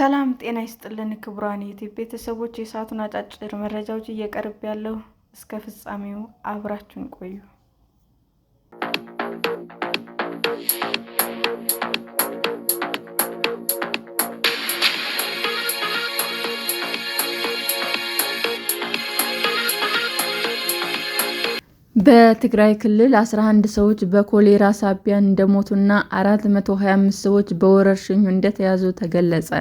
ሰላም ጤና ይስጥልን ክቡራን ዩቲዩብ ቤተሰቦች፣ የሰዓቱን አጫጭር መረጃዎች እየቀርብ ያለው እስከ ፍጻሜው አብራችሁን ቆዩ። በትግራይ ክልል 11 ሰዎች በኮሌራ ሳቢያ እንደሞቱና 425 ሰዎች በወረርሽኙ እንደተያዙ ተገለጸ።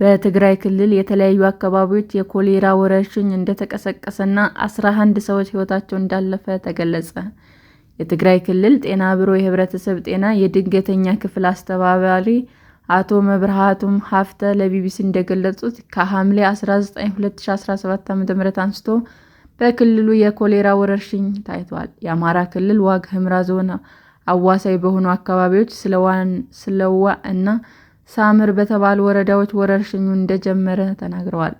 በትግራይ ክልል የተለያዩ አካባቢዎች የኮሌራ ወረርሽኝ እንደተቀሰቀሰና አስራ አንድ ሰዎች ሕይወታቸው እንዳለፈ ተገለጸ። የትግራይ ክልል ጤና ቢሮ የህብረተሰብ ጤና የድንገተኛ ክፍል አስተባባሪ አቶ መብርሃቱም ሀፍተ ለቢቢሲ እንደገለጹት ከሐምሌ 19 2017 ዓ.ም አንስቶ በክልሉ የኮሌራ ወረርሽኝ ታይቷል። የአማራ ክልል ዋግ ህምራ ዞን አዋሳኝ በሆኑ አካባቢዎች ስለዋ እና ሳምር በተባሉ ወረዳዎች ወረርሽኙ እንደጀመረ ተናግረዋል።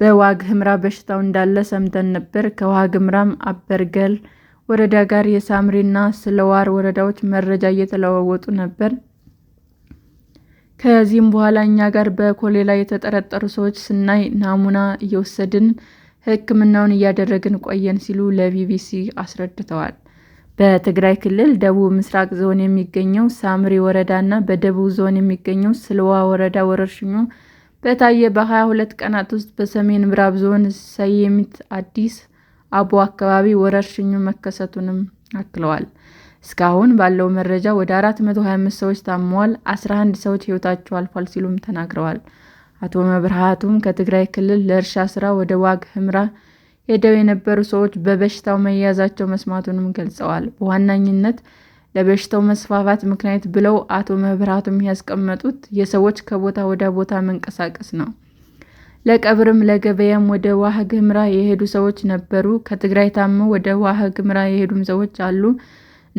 በዋግ ህምራ በሽታው እንዳለ ሰምተን ነበር። ከዋግ ህምራም አበርገል ወረዳ ጋር የሳምሪና ስለዋር ወረዳዎች መረጃ እየተለዋወጡ ነበር። ከዚህም በኋላ እኛ ጋር በኮሌላ የተጠረጠሩ ሰዎች ስናይ ናሙና እየወሰድን ሕክምናውን እያደረግን ቆየን ሲሉ ለቢቢሲ አስረድተዋል። በትግራይ ክልል ደቡብ ምስራቅ ዞን የሚገኘው ሳምሪ ወረዳ እና በደቡብ ዞን የሚገኘው ስልዋ ወረዳ ወረርሽኙ በታየ በ22 ቀናት ውስጥ በሰሜን ምዕራብ ዞን ሰየሚት አዲስ አቦ አካባቢ ወረርሽኙ መከሰቱንም አክለዋል። እስካሁን ባለው መረጃ ወደ 425 ሰዎች ታመዋል፣ 11 ሰዎች ሕይወታቸው አልፏል ሲሉም ተናግረዋል። አቶ መብርሃቱም ከትግራይ ክልል ለእርሻ ስራ ወደ ዋግ ህምራ ። ሄደው የነበሩ ሰዎች በበሽታው መያዛቸው መስማቱንም ገልጸዋል። በዋነኝነት ለበሽታው መስፋፋት ምክንያት ብለው አቶ መብራቱም ያስቀመጡት የሰዎች ከቦታ ወደ ቦታ መንቀሳቀስ ነው። ለቀብርም ለገበያም ወደ ዋህ ግምራ የሄዱ ሰዎች ነበሩ። ከትግራይ ታመው ወደ ዋህ ግምራ የሄዱም ሰዎች አሉ።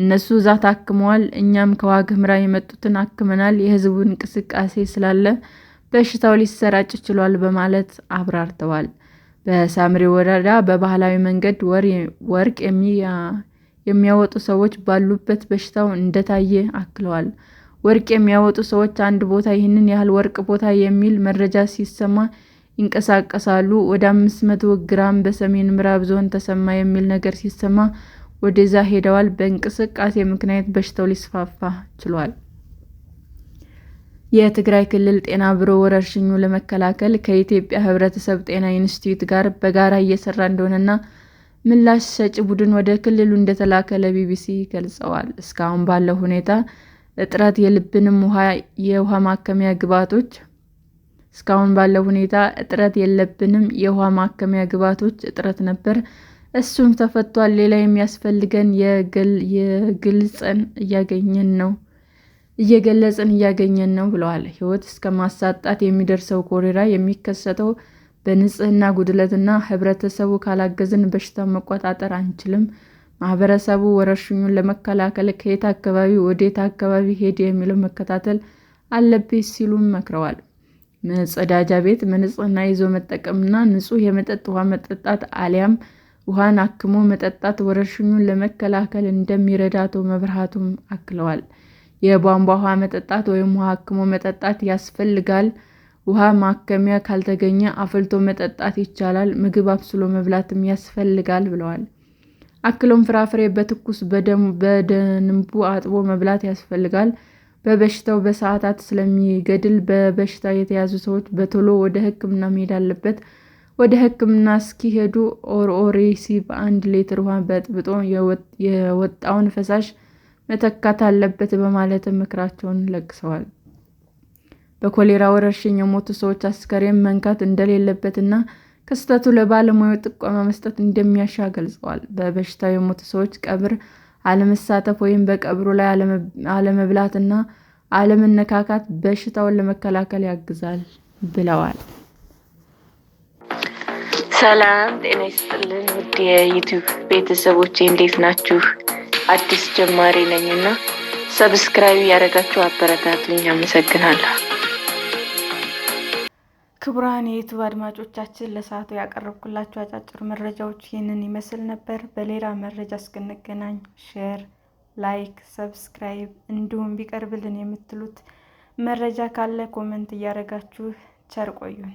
እነሱ እዛ ታክመዋል። እኛም ከዋህ ግምራ የመጡትን አክመናል። የህዝቡ እንቅስቃሴ ስላለ በሽታው ሊሰራጭ ችሏል በማለት አብራርተዋል። በሳምሪ ወረዳ በባህላዊ መንገድ ወርቅ የሚያወጡ ሰዎች ባሉበት በሽታው እንደታየ አክለዋል። ወርቅ የሚያወጡ ሰዎች አንድ ቦታ ይህንን ያህል ወርቅ ቦታ የሚል መረጃ ሲሰማ ይንቀሳቀሳሉ። ወደ አምስት መቶ ግራም በሰሜን ምዕራብ ዞን ተሰማ የሚል ነገር ሲሰማ ወደዛ ሄደዋል። በእንቅስቃሴ ምክንያት በሽታው ሊስፋፋ ችሏል። የትግራይ ክልል ጤና ቢሮ ወረርሽኙ ለመከላከል ከኢትዮጵያ ህብረተሰብ ጤና ኢንስቲትዩት ጋር በጋራ እየሰራ እንደሆነና ምላሽ ሰጪ ቡድን ወደ ክልሉ እንደተላከ ለቢቢሲ ገልጸዋል። እስካሁን ባለው ሁኔታ እጥረት የልብንም ውሃ የውሃ ማከሚያ ግብዓቶች እስካሁን ባለው ሁኔታ እጥረት የለብንም። የውሃ ማከሚያ ግብዓቶች እጥረት ነበር፣ እሱም ተፈቷል። ሌላ የሚያስፈልገን የግልጽን እያገኘን ነው እየገለጽን እያገኘን ነው ብለዋል። ሕይወት እስከ ማሳጣት የሚደርሰው ኮሌራ የሚከሰተው በንጽህና ጉድለትና ህብረተሰቡ ካላገዝን በሽታ መቆጣጠር አንችልም። ማህበረሰቡ ወረርሽኙን ለመከላከል ከየት አካባቢ ወዴት አካባቢ ሄድ የሚለው መከታተል አለበት ሲሉም መክረዋል። መጸዳጃ ቤት በንጽህና ይዞ መጠቀምና ንጹህ የመጠጥ ውሃ መጠጣት አሊያም ውሃን አክሞ መጠጣት ወረርሽኙን ለመከላከል እንደሚረዳ አቶ አክለዋል። የቧንቧ ውሃ መጠጣት ወይም ውሃ አክሞ መጠጣት ያስፈልጋል። ውሃ ማከሚያ ካልተገኘ አፍልቶ መጠጣት ይቻላል። ምግብ አብስሎ መብላትም ያስፈልጋል ብለዋል። አክሎም ፍራፍሬ በትኩስ በደንቡ አጥቦ መብላት ያስፈልጋል። በበሽታው በሰዓታት ስለሚገድል በበሽታ የተያዙ ሰዎች በቶሎ ወደ ሕክምና መሄድ አለበት። ወደ ሕክምና እስኪሄዱ ኦርኦሬሲ በአንድ ሌትር ውሃ በጥብጦ የወጣውን ፈሳሽ መተካት አለበት በማለትም ምክራቸውን ለግሰዋል። በኮሌራ ወረርሽኝ የሞቱ ሰዎች አስከሬን መንካት እንደሌለበትና ክስተቱ ለባለሙያው ጥቆማ መስጠት እንደሚያሻ ገልጸዋል። በበሽታው የሞቱ ሰዎች ቀብር አለመሳተፍ ወይም በቀብሩ ላይ አለመብላትና አለመነካካት በሽታውን ለመከላከል ያግዛል ብለዋል። ሰላም ጤና ይስጥልን ውድ የዩቱብ ቤተሰቦች እንዴት ናችሁ? አዲስ ጀማሪ ነኝ እና ሰብስክራይብ ያደረጋችሁ አበረታትልኝ። አመሰግናለሁ። ክቡራን የዩቱብ አድማጮቻችን ለሰዓቱ ያቀረብኩላችሁ አጫጭር መረጃዎች ይህንን ይመስል ነበር። በሌላ መረጃ እስክንገናኝ ሼር፣ ላይክ፣ ሰብስክራይብ እንዲሁም ቢቀርብልን የምትሉት መረጃ ካለ ኮመንት እያደረጋችሁ ቸር ቆዩን።